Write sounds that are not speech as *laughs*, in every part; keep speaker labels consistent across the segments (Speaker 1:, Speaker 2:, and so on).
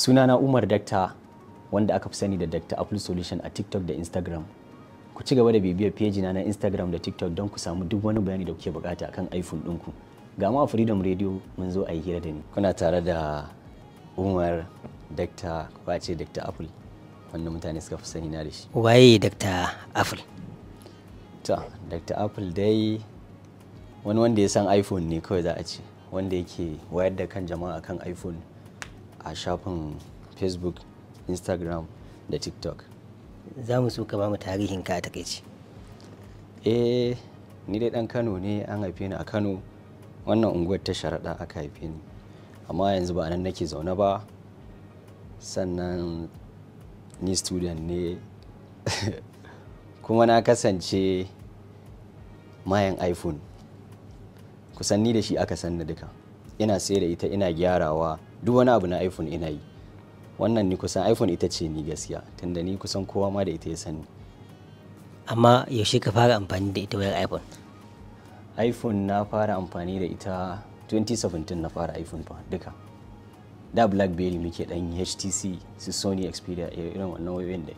Speaker 1: sunana umar dakta wanda aka fi sani da dakta apple solution a tiktok da instagram ku ci gaba da bibiyar peji na na instagram da tiktok don ku samu duk wani bayani da kuke bukata akan iphone ɗinku ga ma freedom radio mun zo a yi hira da ni kuna tare da umar dakta ce dakta apple wanda mutane suka fi sani na da shi waye dakta apple ta dakta apple dai wani wanda ya san iphone ne kawai za a ce wanda yake wayar da kan jama'a kan iphone a shafin facebook instagram da tiktok za mu so ka tarihin ka a takaici eh ni dai dan kano ne an haife ni a kano wannan unguwar ta sharaɗa aka haife ni amma yanzu ba nan nake zaune ba sannan ni student ne *laughs* kuma na kasance mayan iphone kusan ni da shi aka sanna duka ina sai da ita ina gyarawa duk wani abu na iphone ina yi wannan ni kusan iphone ita ce ni gaskiya tunda ni kusan kowa ma da ita ya sani amma yaushe ka fara amfani da ita wayar iphone iphone na fara amfani da ita 2017 na fara iphone fa duka da blackberry muke dan htc su sony xperia irin wannan wayoyin da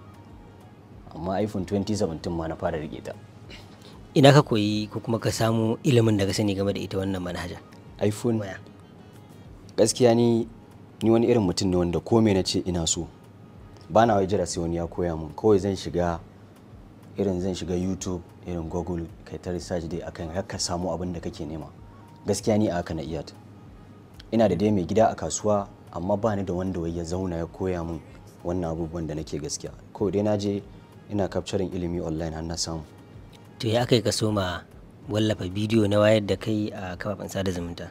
Speaker 1: amma iphone 2017 ma na fara rike ta
Speaker 2: ina ka koyi ko kuma ka samu ilimin da ka sani
Speaker 1: game da ita wannan manhaja iphone gaskiya ni ni wani irin mutum ne wanda ko na ce ina so ba na wai jira sai wani ya koya mun kawai zan shiga irin zan shiga youtube irin google kai ta research dai akan haka samu abin da kake nema gaskiya ni a haka na iyata ina da dai mai gida a kasuwa amma ba ni da wanda wai ya zauna ya koya mun wannan abubuwan da nake gaskiya ko dai na je ina capturing ilimi online har na samu
Speaker 2: to ya kai ka soma wallafa bidiyo na wayar da kai
Speaker 1: a kafafen sada zumunta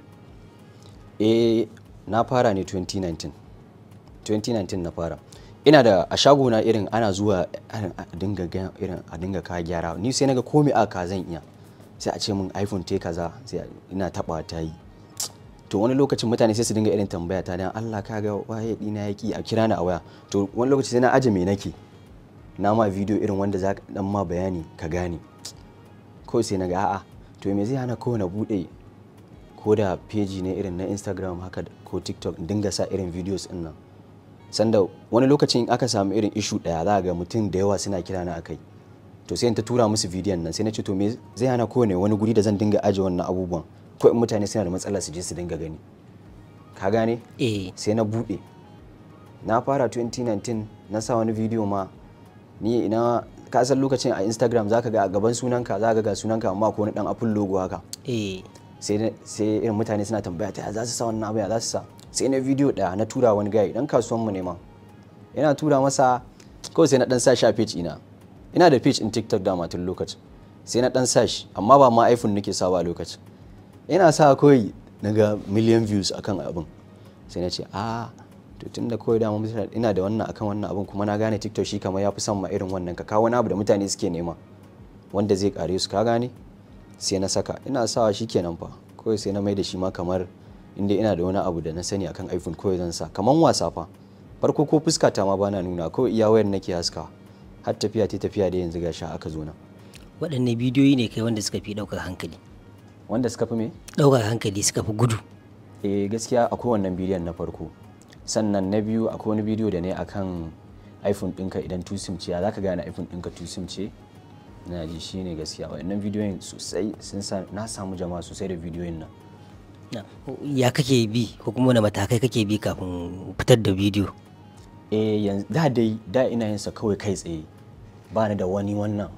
Speaker 1: eh na fara ne 2019 2019 na fara ina da a shagona irin ana zuwa irin a dinga irin a dinga ka gyara ni sai naga komai aka zan iya sai a ce min iphone te kaza sai ina taba ta yi to wani lokacin mutane sai su dinga irin tambaya ta dan Allah ka ga waye dina yaki a kira ni a waya to wani lokaci sai na aje me nake na ma video irin wanda za dan ma bayani ka gane ko sai naga a'a to me zai hana ko na bude ko da peji ne irin na instagram haka ko tiktok dinga sa irin videos din nan sanda wani lokacin aka samu irin ishu daya za ga mutum da yawa suna kira na akai to sai ta tura musu bidiyon nan sai na ce to me zai hana kowane wani guri da zan dinga aje wannan abubuwan ko in mutane suna da matsala su je su dinga gani ka gane eh sai na bude na fara 2019 na sa wani bidiyo ma ni ina ka san lokacin a instagram zaka ga a gaban sunanka zaka ga sunanka amma ko wani dan apple logo haka eh sai irin mutane suna tambaya ta za su sa wannan abu ya za su sa sai na video da na tura wani gayi dan kasuwan mu ne ma yana tura masa ko sai na dan sa shi a page ina ina da page in TikTok da matun lokaci sai na dan sa shi amma ba ma iPhone nake sawa a lokaci. ina sa kawai naga million views akan abin sai na ce a to tun da kawai ina da wannan akan wannan abin kuma na gane TikTok shi kamar ya fi son ma irin wannan ka kawo wani abu da mutane suke nema wanda zai kare su ka gane sai na saka ina sawa shikenan fa kawai sai na mai da shi ma kamar inda ina da wani abu da na sani akan iphone kawai zan sa kaman wasa fa farko ko fuska ta ma bana nuna ko iya wayar nake haska har tafiya ta tafiya da yanzu gashi aka zo na
Speaker 2: waɗanne bidiyoyi ne kai wanda suka fi ɗaukar hankali wanda suka fi me
Speaker 1: ɗaukar hankali suka fi gudu eh gaskiya akwai wannan bidiyon na farko sannan na biyu akwai wani bidiyo da ne akan iphone ɗinka idan tusim ce ya zaka gane iphone ɗinka tusim ce na ji shi ne gaskiya waɗannan bidiyoyin sosai sun sa na samu jama'a sosai da bidiyoyin nan
Speaker 2: ya kake bi ko kuma wani matakai kake bi kafin fitar
Speaker 1: da bidiyo eh yanzu da dai da ina yin sa kawai kai tsaye ba ni da wani wannan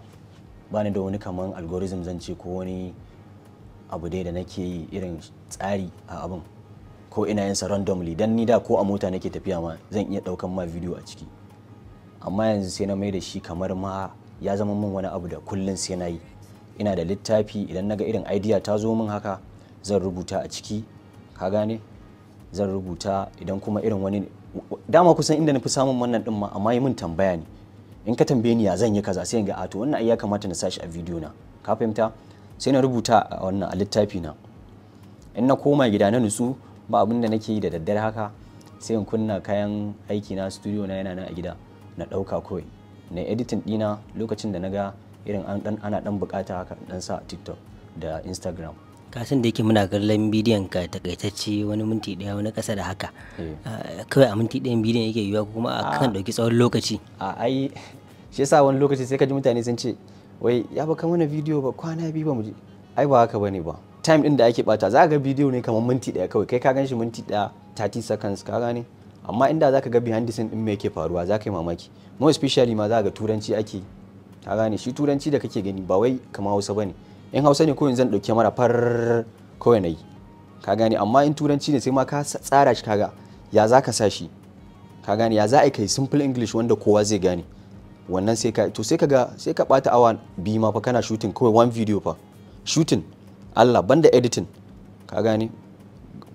Speaker 1: ba ni da wani kaman algorithm zan ce ko wani abu dai da nake yi irin tsari a abin ko ina yin sa randomly dan ni da ko a mota nake tafiya ma zan iya daukan ma bidiyo a ciki amma yanzu sai na mai da shi kamar ma ya zama min wani abu da kullum sai na yi ina da littafi idan naga irin idea ta zo min haka zan rubuta a ciki ka gane zan rubuta idan kuma irin wani dama kusan inda na fi samun wannan din ma amma yi min tambaya ne in ka tambaye ni ya zan yi kaza sai in ga a to wannan ai ya kamata na sashi a bidiyo na ka fahimta sai na rubuta a wannan a littafi na in na koma gida na nutsu ba abin da nake yi da daddare haka sai in kunna kayan aiki na studio na yana nan a gida na ɗauka kawai na editing dina lokacin da na ga irin ana dan bukata haka dan sa tiktok da instagram kasan
Speaker 2: da yake muna kallon bidiyon ka takaitacce wani minti daya wani kasa da haka eh. ah, kawai a
Speaker 1: minti daya bidiyon yake yiwa kuma a kan ah. ɗauki tsawon lokaci a ai shi yasa wani lokaci sai ka ji mutane sun ce wai ya baka mana bidiyo ba kwana biyu ba mu ji ai ba haka bane ba time din da ake bata za ga bidiyo ne kamar minti daya kawai kai ka gan shi minti daya 30 seconds ka gane amma inda zaka ga behind the scene din me yake faruwa zaka yi mamaki no especially ma za ga turanci ake ka gane shi turanci da kake gani ba wai kama hausa bane in hausa ne koyin zan dauke mara far kawai nayi ka gane amma in turanci ne sai ma ka tsara shi kaga ya zaka sa shi ka gane ya za a kai simple english wanda kowa zai gane wannan sai ka to sai ka ga sai ka bata awa biyu ma fa kana shooting kawai one video fa shooting Allah banda editing ka gane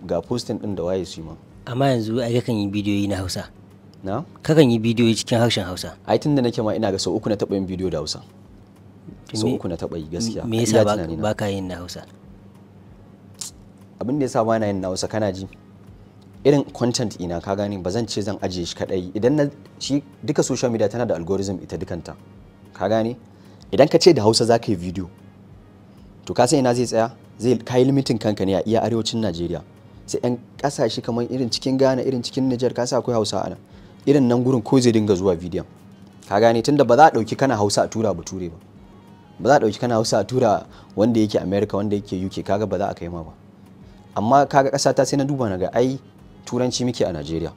Speaker 1: ga posting din da waye su ma amma yanzu ai kakan yi bidiyoyi na hausa na kakan yi bidiyoyi cikin harshen hausa ai tun da nake ma ina ga sau uku na taɓa yin bidiyo da hausa sau uku na taɓa yi gaskiya me yasa ba
Speaker 2: ka yin na hausa
Speaker 1: abin da yasa ba na yin na hausa kana ji irin content ina ka gane ba zan ce zan ajiye shi kadai idan na shi duka social media tana da algorithm ita dukanta ka gane idan ka ce da hausa za ka yi bidiyo to ka san ina zai tsaya zai kai limitin kanka ne a iya arewacin najeriya sai yan kasashe kamar irin cikin Ghana irin cikin Niger ka sa akwai Hausa ana irin nan gurin ko zai dinga zuwa bidiyon ka gane tunda ba za a dauki kana Hausa a tura bature ba ba za a dauki kana Hausa a tura wanda yake America wanda yake UK kaga ba za a kai ma ba amma kaga kasa ta sai na duba naga ai turanci muke a nigeria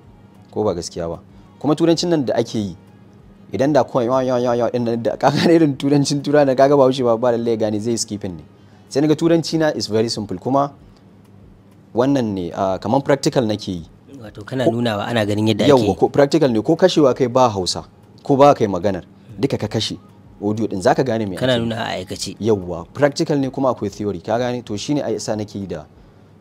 Speaker 1: ko ba gaskiya ba kuma turancin nan da ake yi idan da kuma yawa yawa yawa yawan da kaga irin turancin tura da kaga ba wuce ba ba lallai gane zai skipping ne sai ga turanci na is very simple kuma wannan ne kamar practical nake yi wato kana nunawa ana ganin yadda ake yau ko practical ne ko kashewa kai ba hausa ko ba kai maganar duka ka kashe audio din zaka gane me kana nuna a aikace yauwa practical ne kuma akwai theory ka gane to shine ai isa nake yi da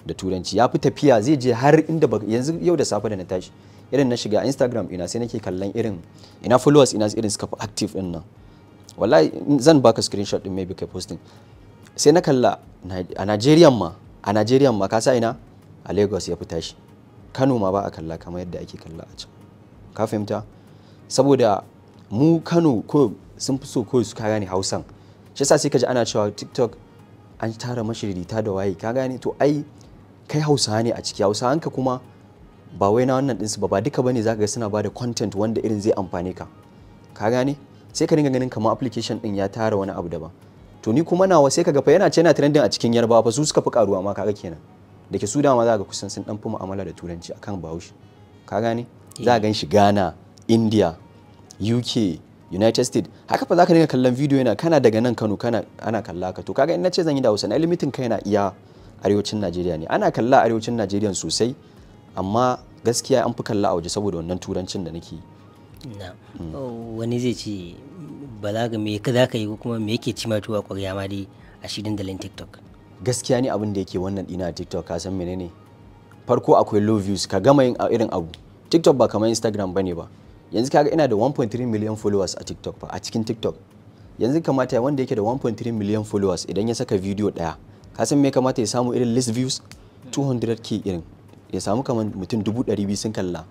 Speaker 1: da turanci ya fi tafiya zai je har inda yanzu yau da safe da na tashi irin na shiga instagram ina sai nake kallon irin ina followers ina irin suka fi active din nan wallahi zan baka screenshot din maybe kai posting sai na kalla a nigeria ma a najeriya ma kasa ina a lagos ya fi tashi kano ma ba a kalla kamar yadda ake kalla a can ka fahimta saboda mu kano ko sun fi so kawai su ka gane hausan shi yasa sai ka ji ana cewa tiktok an tara mashiririta da waye ka gane to ai kai hausa ne a ciki hausa hanka kuma ba wai na wannan ɗinsu ba ba duka bane zaka ga suna ba da content wanda irin zai amfane ka ka gane sai ka dinga ganin kamar application din ya tara wani abu daban to ni kuma nawa sai kaga fa yana ce yana trending a cikin yarbawa fa su suka fi karuwa ma kaga kenan da ke su dama za ga kusan sun dan fi mu'amala da turanci akan bahaushe ka gane eh. za ka shi ghana india uk united states haka fa za ka dinga kallon video yana kana daga nan kano kana ana kalla ka to kaga in nace ce zan yi da hausa na limitin kai na iya arewacin najeriya ne ana kalla arewacin najeriya sosai amma gaskiya an fi kalla a waje saboda wannan turancin da nake
Speaker 2: mm. oh, wani zai ce ba ka me ka
Speaker 1: za ka yi kuma me yake ci ma tuwa kwarya ma dai a shi dandalin tiktok gaskiya ne abin da yake wannan dina a tiktok ka san menene farko akwai low views ka gama yin uh, irin abu tiktok ba kamar instagram bane ba yanzu kaga ina da 1.3 million followers a tiktok ba a cikin tiktok yanzu kamata wanda yake da 1.3 million followers idan ya saka video daya ka san me kamata ya samu irin list views 200k irin ya samu kamar mutum dubu 200 sun kalla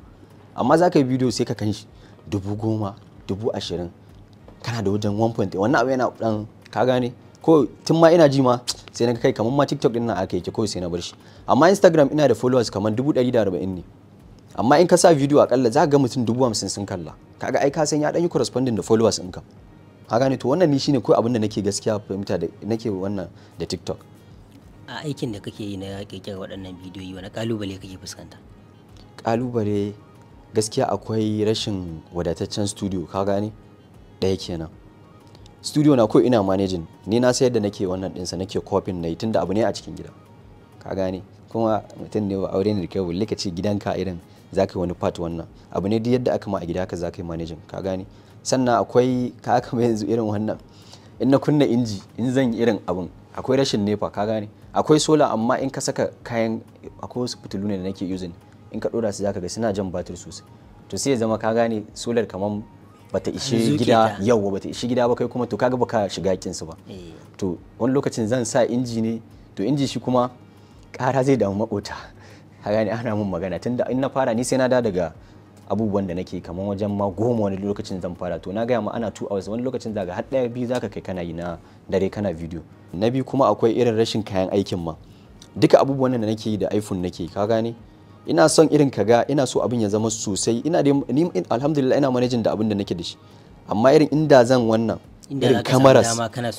Speaker 1: amma za ka yi video sai ka kan shi dubu goma dubu ashirin kana da wajen 1.8 wannan abu yana dan ka gane ko tun ma ina ji ma sai na kai kamar ma TikTok din nan aka yake ko sai na bar shi amma Instagram ina da followers kamar 140 ne amma in ka sa video akalla za ka ga mutum 50 sun kalla kaga ai ka san ya dan yi corresponding da followers din ka gane to wannan ni shine ko abin da nake gaskiya fahimta da nake wannan da TikTok
Speaker 2: a aikin da kake yi na kirkira waɗannan bidiyoyi wani kalubale kake fuskanta
Speaker 1: kalubale gaskiya akwai rashin wadataccen studio ka gane ɗaya kenan studio na ko ina managing ni na sayar da nake wannan ɗinsa nake kofin na yi da abu ne a cikin gida ka gane kuma mutum ne ba aure ne da kyau balle ka ce gidanka irin za ka yi wani part wannan abu ne duk yadda aka ma a gida ka za ka yi managing ka gane sannan akwai ka aka mai yanzu irin wannan in na kunna inji in zan yi irin abun akwai rashin nefa ka gane akwai sola amma in ka saka kayan akwai wasu fitilu ne da nake using in ka dora su za ka ga suna jan batir sosai to sai ya zama ka gane solar kamar bata ishi gida yau bata ishi gida ba kai kuma to kaga baka shiga su ba eh. to wani lokacin zan sa inji ne to inji shi kuma kara zai damu makota *laughs* kaga ne ana mun magana tunda in na fara ni sai na da daga abubuwan da nake kamar wajen ma goma wani lokacin zan fara to na gaya ma ana two hours wani lokacin zaga har daya biyu zaka kai kana yi na dare kana video na biyu kuma akwai irin rashin kayan aikin ma duka abubuwan da nake yi da iphone nake ka gane ina son irin kaga ina so abin ya zama sosai ina da ni alhamdulillah ina managing da abin da nake da shi amma irin inda zan wannan irin kamaras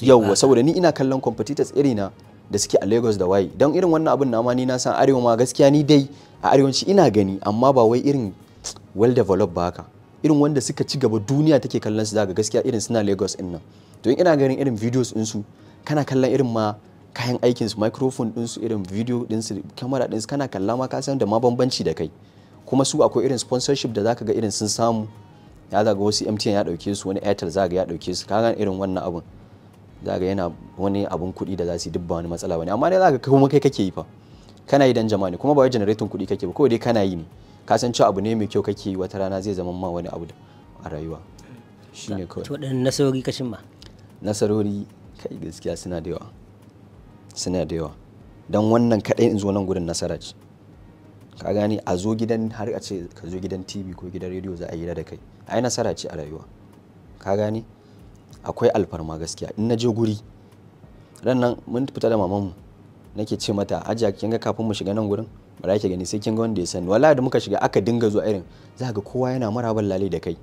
Speaker 1: yauwa saboda ni ina kallon competitors irina da suke a Lagos da waye don irin wannan abin na ma ni na san arewa ma gaskiya ni dai a arewanci ina gani amma ba wai irin well developed ba haka irin wanda suka ci gaba duniya take kallon su daga gaskiya irin suna Lagos din nan to ina ganin irin videos din su kana kallon irin ma kayan aikin su microphone din su irin video din su camera din su kana kalla ma ka san da ma bambanci da kai kuma su akwai irin sponsorship da zaka ga irin sun samu ya zaga wasu MTN ya dauke su wani Airtel zaga ya dauke su kaga irin wannan abun zaga yana wani abun kuɗi da za su dubba wani matsala bane amma dai zaga kuma kai kake yi fa kana yi dan jama'a ne kuma ba wai generator kuɗi kake ba kawai dai kana yi ne ka san cewa abu ne mai kyau kake yi wata rana zai zama ma wani abu a rayuwa shine kawai to dan nasarori kashin ma nasarori kai gaskiya suna da yawa suna da yawa don wannan kaɗai in zo nan gudun nasara ce ka gani a zo gidan har a ce ka zo gidan tv ko gidan rediyo za a yi da kai ai nasara ce a rayuwa ka gani akwai alfarma gaskiya in na je guri ran nan mun fita da mamanmu nake ce mata ajiya kin ga kafin mu shiga nan gurin ba za ki gani sai kin ga wanda ya sani wala da muka shiga aka dinga zuwa irin za ga kowa yana maraban lale da kai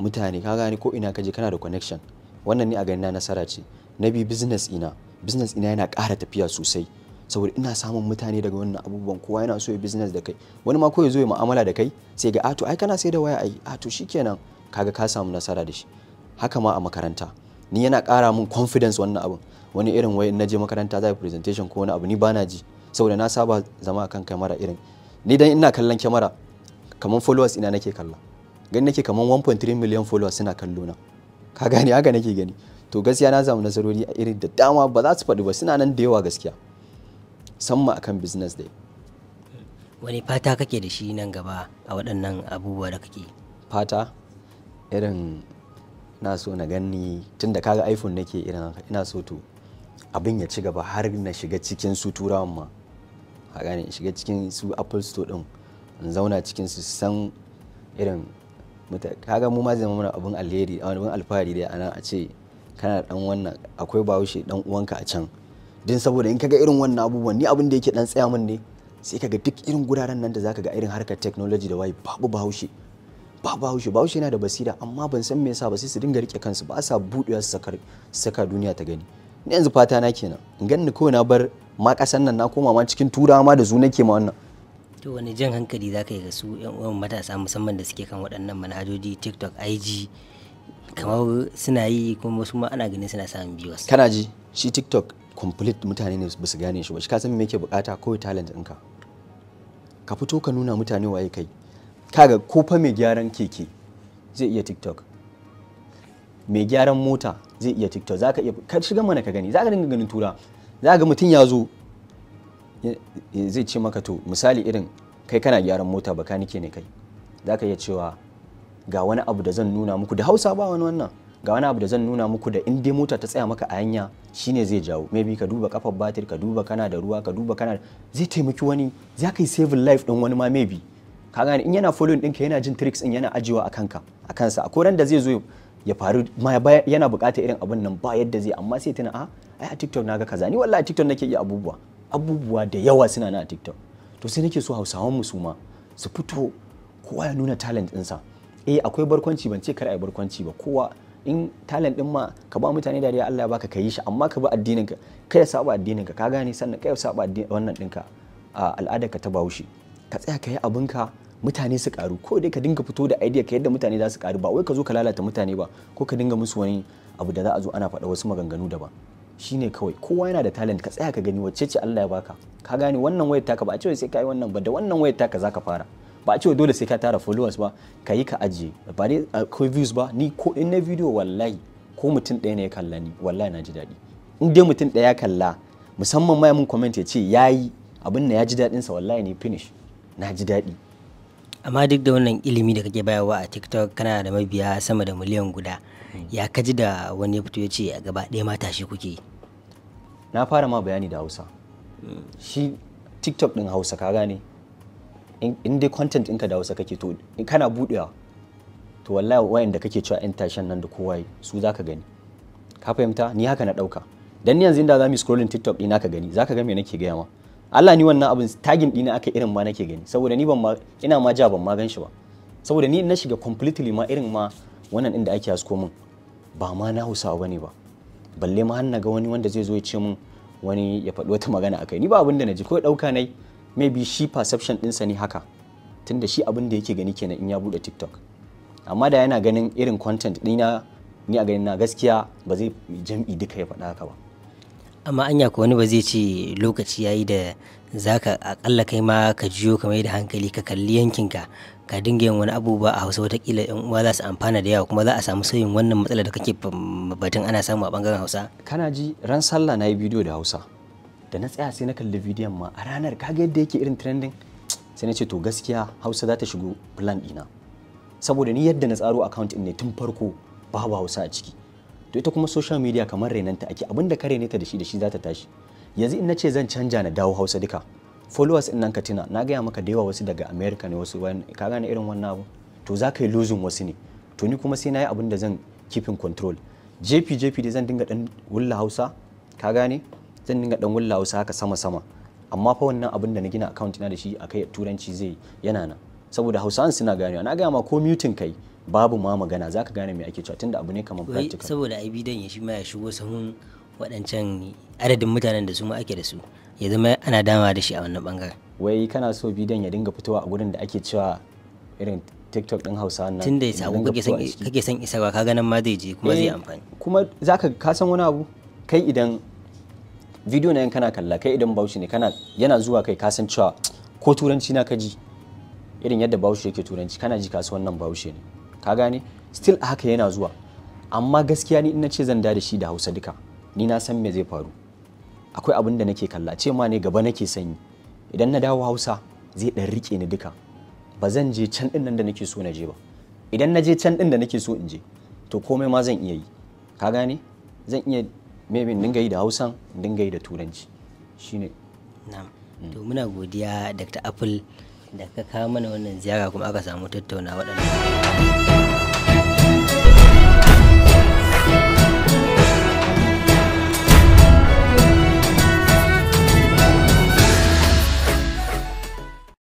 Speaker 1: mutane ka gani ko ina ka je kana da connection wannan ne a gani na nasara ce na bi business ina business ina yana ƙara tafiya sosai saboda ina samun mutane daga wannan abubuwan kowa yana so ya business da kai wani ma ko ya zo ya mu'amala da kai sai ga ato ah, ai kana sai da waya ai ato ah, shikenan kaga ka samu nasara da shi haka ma a makaranta ni yana ƙara min confidence wannan abun wani irin wai na je makaranta zai presentation ko wani abu ni bana ji saboda na saba zama akan kamera irin ni dan ina kallon kamera kaman followers ina nake kalla gani nake kaman 1.3 million followers suna kallo na ka gani haka nake gani to gaskiya na zama nasarori a irin da dama ba za su faɗi ba suna nan da yawa gaskiya samma akan business day
Speaker 2: wani fata kake da shi nan gaba a waɗannan abubuwa da
Speaker 1: kake fata irin na so na gani tun da kaga iphone nake irin ina so to abin ya ci gaba har na shiga cikin su turawan ma a gane shiga cikin su apple store din in zauna cikin su san irin kaga mu ma zama mana abin alheri abin alfahari dai a ce kana dan wannan akwai bahaushe dan uwanka a can din saboda in kaga irin wannan abubuwan ni abin da yake dan tsaya min ne sai kaga duk irin guraren nan da zaka ga irin harkar technology da wai babu bahaushe ba bahaushe bahaushe yana da basira amma ban san me yasa ba sai su dinga rike kansu ba sa buɗewa su saka duniya ta gani ni yanzu fata na kenan in ganni kawai na bar ma kasan nan na koma ma cikin turawa ma da zu nake ma wannan
Speaker 2: to wani jan hankali zaka yi ga su yan uwan matasa musamman da suke kan waɗannan manhajoji tiktok ig kamar suna yi kuma wasu ma ana
Speaker 1: ganin suna samun viewers kana ji shi tiktok complete mutane ne basu gane shi ba shi ka san me yake bukata kawai talent ɗinka ka fito ka nuna mutane waye kai kaga ko fa mai gyaran keke zai iya tiktok mai gyaran mota zai iya tiktok zaka iya ka shiga mana ka gani zaka dinga ganin tura za ga mutum ya zo zai ce maka to misali irin kai kana gyaran mota bakanike ne kai zaka iya cewa ga wani abu da zan nuna muku da hausa ba wani wannan ga wani abu da zan nuna muku da in dai mota ta tsaya maka a hanya shine zai jawo maybe ka duba kafar batir ka duba kana da ruwa ka duba kana zai taimaki wani za ka yi saving life din wani ma maybe ka gane in yana following ɗinka yana jin tricks in yana ajiyewa a kanka a kansa a koran da zai zo ya faru yana bukata irin abun nan ba yadda zai amma sai tana a ah, ai a TikTok naga kaza ni wallahi a TikTok nake iya abubuwa abubuwa da yawa suna na a TikTok to sai nake so Hausawan mu su ma su fito kowa ya nuna talent ɗinsa. sa eh akwai barkwanci ban ce kar ai barkwanci ba kowa in talent din ma ka ba mutane dariya Allah ya baka ka yi shi amma ka bi addinin ka kai saba addinin ka ka gane sannan kai saba wannan dinka a al'adar ka ta Bahaushe ka tsaya ka yi abin ka mutane su karu ko dai ka dinga fito da idea ka yadda mutane za su karu ba wai ka zo ka lalata mutane ba ko ka dinga musu wani abu da za a zo ana faɗa wasu maganganu daban shine kawai kowa yana da talent ka tsaya ka gani wacce ce Allah ya baka ka gane wannan wayar taka ba a ce sai ka yi wannan ba da wannan wayar taka zaka fara ba a ce dole sai ka tara followers ba ka yi ka ajiye ba dai akwai views ba ni ko in na video wallahi ko mutum ɗaya ne ya kalla ni wallahi na ji daɗi in dai mutum ɗaya ya kalla musamman ma mun comment ya ce yayi abin na ya ji daɗin sa wallahi ne finish na ji daɗi
Speaker 2: amma duk da wannan ilimi da kake bayarwa a TikTok kana da mabiya sama da miliyan guda ya ka ji da wani ya fito ya ce
Speaker 1: a gaba ɗaya mata shi kuke na fara ma bayani da Hausa shi TikTok ɗin Hausa ka gane in dai content ɗinka da Hausa kake to in kana buɗewa to wallahi wayanda kake cewa yan tashen nan da kowa su zaka gani ka fahimta ni haka na ɗauka dan ni yanzu inda za mu scrolling TikTok ɗina ka gani za ka ga me nake gaya ma Allah ni wannan abun tagin ɗina aka irin ma nake gani saboda ni ban ma ina ma ja ban ma gan shi ba saboda ni na shiga completely ma irin ma wannan inda ake hasko min ba ma na ba ne ba balle ma har na ga wani wanda zai zo ya ce min wani ya faɗi wata magana akai ni ba abin da na ji ko ɗauka nai maybe shi perception ɗinsa ne haka tunda shi abin da yake gani kenan in ya buɗe tiktok amma da yana ganin irin content ɗina ni a ganin na gaskiya ba zai jam'i duka ya faɗa haka ba
Speaker 2: amma anya ko wani ba zai ce lokaci yayi da zaka akalla kai ma ka jiyo ka mai da hankali ka kalli yankinka ka dinga yin wani abubuwa a hausa kila yan uwa za su amfana da yawa kuma za a samu sauyin wannan matsalar da kake batun ana samu
Speaker 1: a bangaren hausa kana ji ran sallah na yi bidiyo da hausa da na tsaya sai na kalli bidiyon ma a ranar kaga yadda yake irin trending sai na ce to gaskiya hausa za ta shigo plan ɗina saboda ni yadda na tsaro account din ne tun farko babu hausa a ciki to ita kuma social media kamar renanta ake abinda ka renata da shi da shi za ta tashi yanzu in na ce zan canja na dawo hausa duka followers in nan ka tuna na gaya maka da yawa wasu daga america ne wasu ka gane irin wannan abu to za ka yi losing wasu ne to ni kuma sai na yi abin da zan keeping control jp jp da zan dinga dan wulla hausa ka gane zan dinga dan wulla wasu haka sama sama amma fa wannan abin da na gina account na da shi akai turanci zai yana nan saboda hausawan suna gane na gaya ma ko mutum kai babu ma magana zaka gane me ake cewa tunda abu ne kamar practical
Speaker 2: saboda ai bidan ya shi ma ya shigo sahun waɗancan adadin mutanen da su ma ake da su ya zama ana dama da shi
Speaker 1: a wannan bangaren wai kana so bidan ya dinga fitowa a gurin da ake cewa irin tiktok din hausa nan tunda ya sabu kake son kake son isarwa ka ganin ma zai je kuma zai eh, amfani kuma zaka ka san wani abu kai idan video na yan kana kalla kai idan bauchi ne kana yana zuwa kai kasan cewa ko turanci na kaji irin yadda bauchi yake turanci kana ji kasu wannan bauchi ne ka gane still haka yana zuwa amma gaskiya ni in na ce zan da shi da hausa duka ni na san me zai faru akwai abin da nake kalla ce ma ne gaba nake sanyi idan na dawo hausa zai dan rike ni duka ba zan je can din nan da nake so na je ba idan na je can din da nake so in je to komai ma zan iya yi ka gane zan iya maybe dinga yi da hausan dinga yi da turanci shine na'am
Speaker 2: to muna godiya dr apple da ka kawo mana wannan ziyara
Speaker 1: kuma aka samu tattauna
Speaker 2: waɗannan